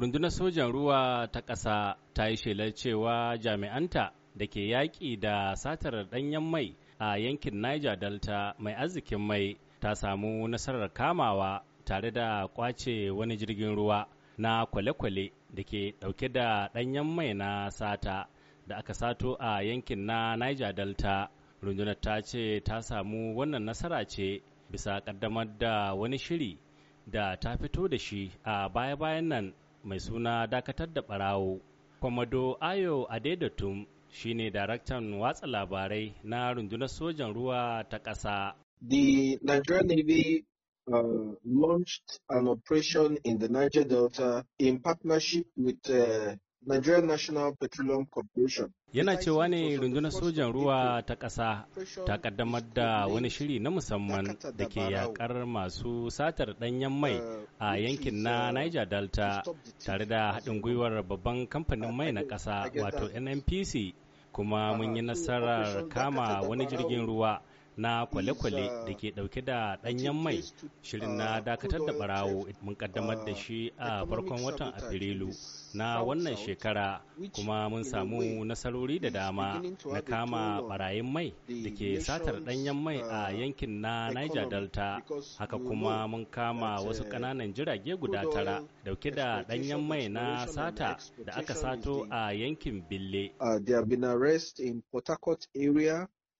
rundunar sojan ruwa ta ƙasa ta yi shelar cewa jami'anta da ke yaƙi da satar ɗanyen mai a yankin niger delta mai arzikin mai ta samu nasarar kamawa tare da ƙwace wani jirgin ruwa na kwale-kwale da ke ɗauke da ɗanyen mai na sata da aka sato a yankin na niger delta rundunar ta ce ta samu wannan nasara ce bisa ƙaddamar da wani shiri da ta fito da shi a baya-bayan nan mai suna dakatar da barawo Komodo ayo shi shine daraktan watsa labarai na rundunar sojan ruwa ta ƙasa the nigerian navy Uh, launched an operation in the Niger Delta in partnership with uh, Nigerian National Petroleum Corporation. Yana cewa ne rundunar sojan ruwa ta ƙasa ta kaddamar da wani shiri na musamman da ke yakar masu satar ɗanyen mai uh, a yankin na uh, Niger Delta tare da haɗin gwiwar babban kamfanin uh, mai na ƙasa wato NNPC kuma mun yi uh-huh, nasarar kama wani jirgin ruwa. na kwale-kwale uh, da ke dauke da danyen mai shirin uh, na dakatar da barawo mun kaddamar da shi uh, a farkon watan afrilu na wannan shekara kuma mun samu nasarori da dama na kama barayin mai da ke satar danyen mai a yankin na niger delta haka kuma mun kama wasu kananan jirage guda tara dauke da danyen mai na sata da aka sato a yankin bille uh, there in port harcourt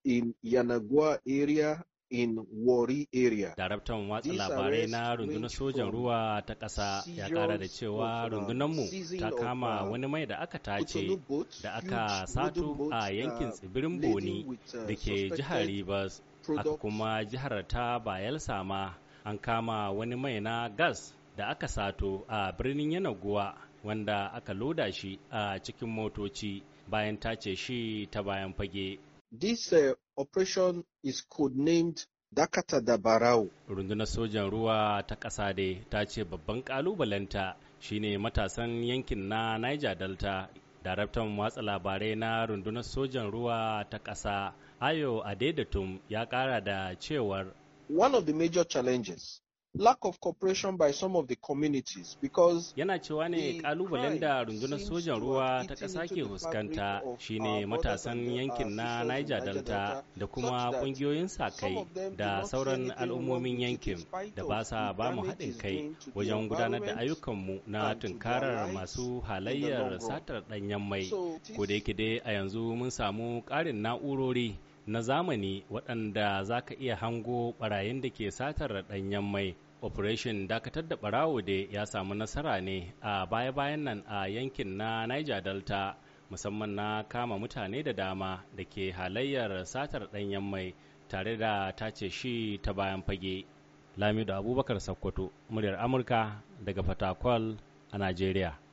in Yanagua area in Wari area. Daraktan watsa labarai na rundunar sojan ruwa ta ƙasa ya ƙara da cewa uh, rundunarmu ta kama uh, wani mai da aka tace da aka sato a uh, yankin tsibirin Boni da ke jihar Rivers, a kuma jihar ta Bayelsa ma an kama wani mai na gas da aka sato a birnin Yanaguwa wanda aka loda shi a cikin motoci bayan tace shi ta bayan fage. This uh, operation is codenamed Dakata da Barau. Rundunar sojan ruwa ta ƙasa dai ta ce babban ƙalubalenta shine matasan yankin na Niger Delta. Daraktan watsa labarai na rundunar sojan ruwa ta ƙasa Ayo Adedatum ya ƙara da cewar One of the major challenges lack of cooperation by some of the communities because yana cewa ne kalubalen da rundunar sojan ruwa ta ƙasa ke fuskanta shine matasan yankin na Niger Delta da kuma ƙungiyoyin sa-kai da sauran al'ummomin yankin da ba sa ba mu haɗin kai wajen gudanar da ayyukanmu na tunkarar masu halayyar satar ɗanyen mai ko da yake dai a yanzu mun samu ƙarin na'urori na zamani waɗanda za ka iya hango ɓarayin da ke satar ɗanyen mai operation dakatar da barawo da ya samu nasara ne a baya-bayan nan a yankin na niger delta musamman na kama mutane da dama da ke halayyar satar ɗanyen mai tare da tace shi ta bayan fage lamido abubakar sakkwato muryar amurka daga fatakwal a nigeria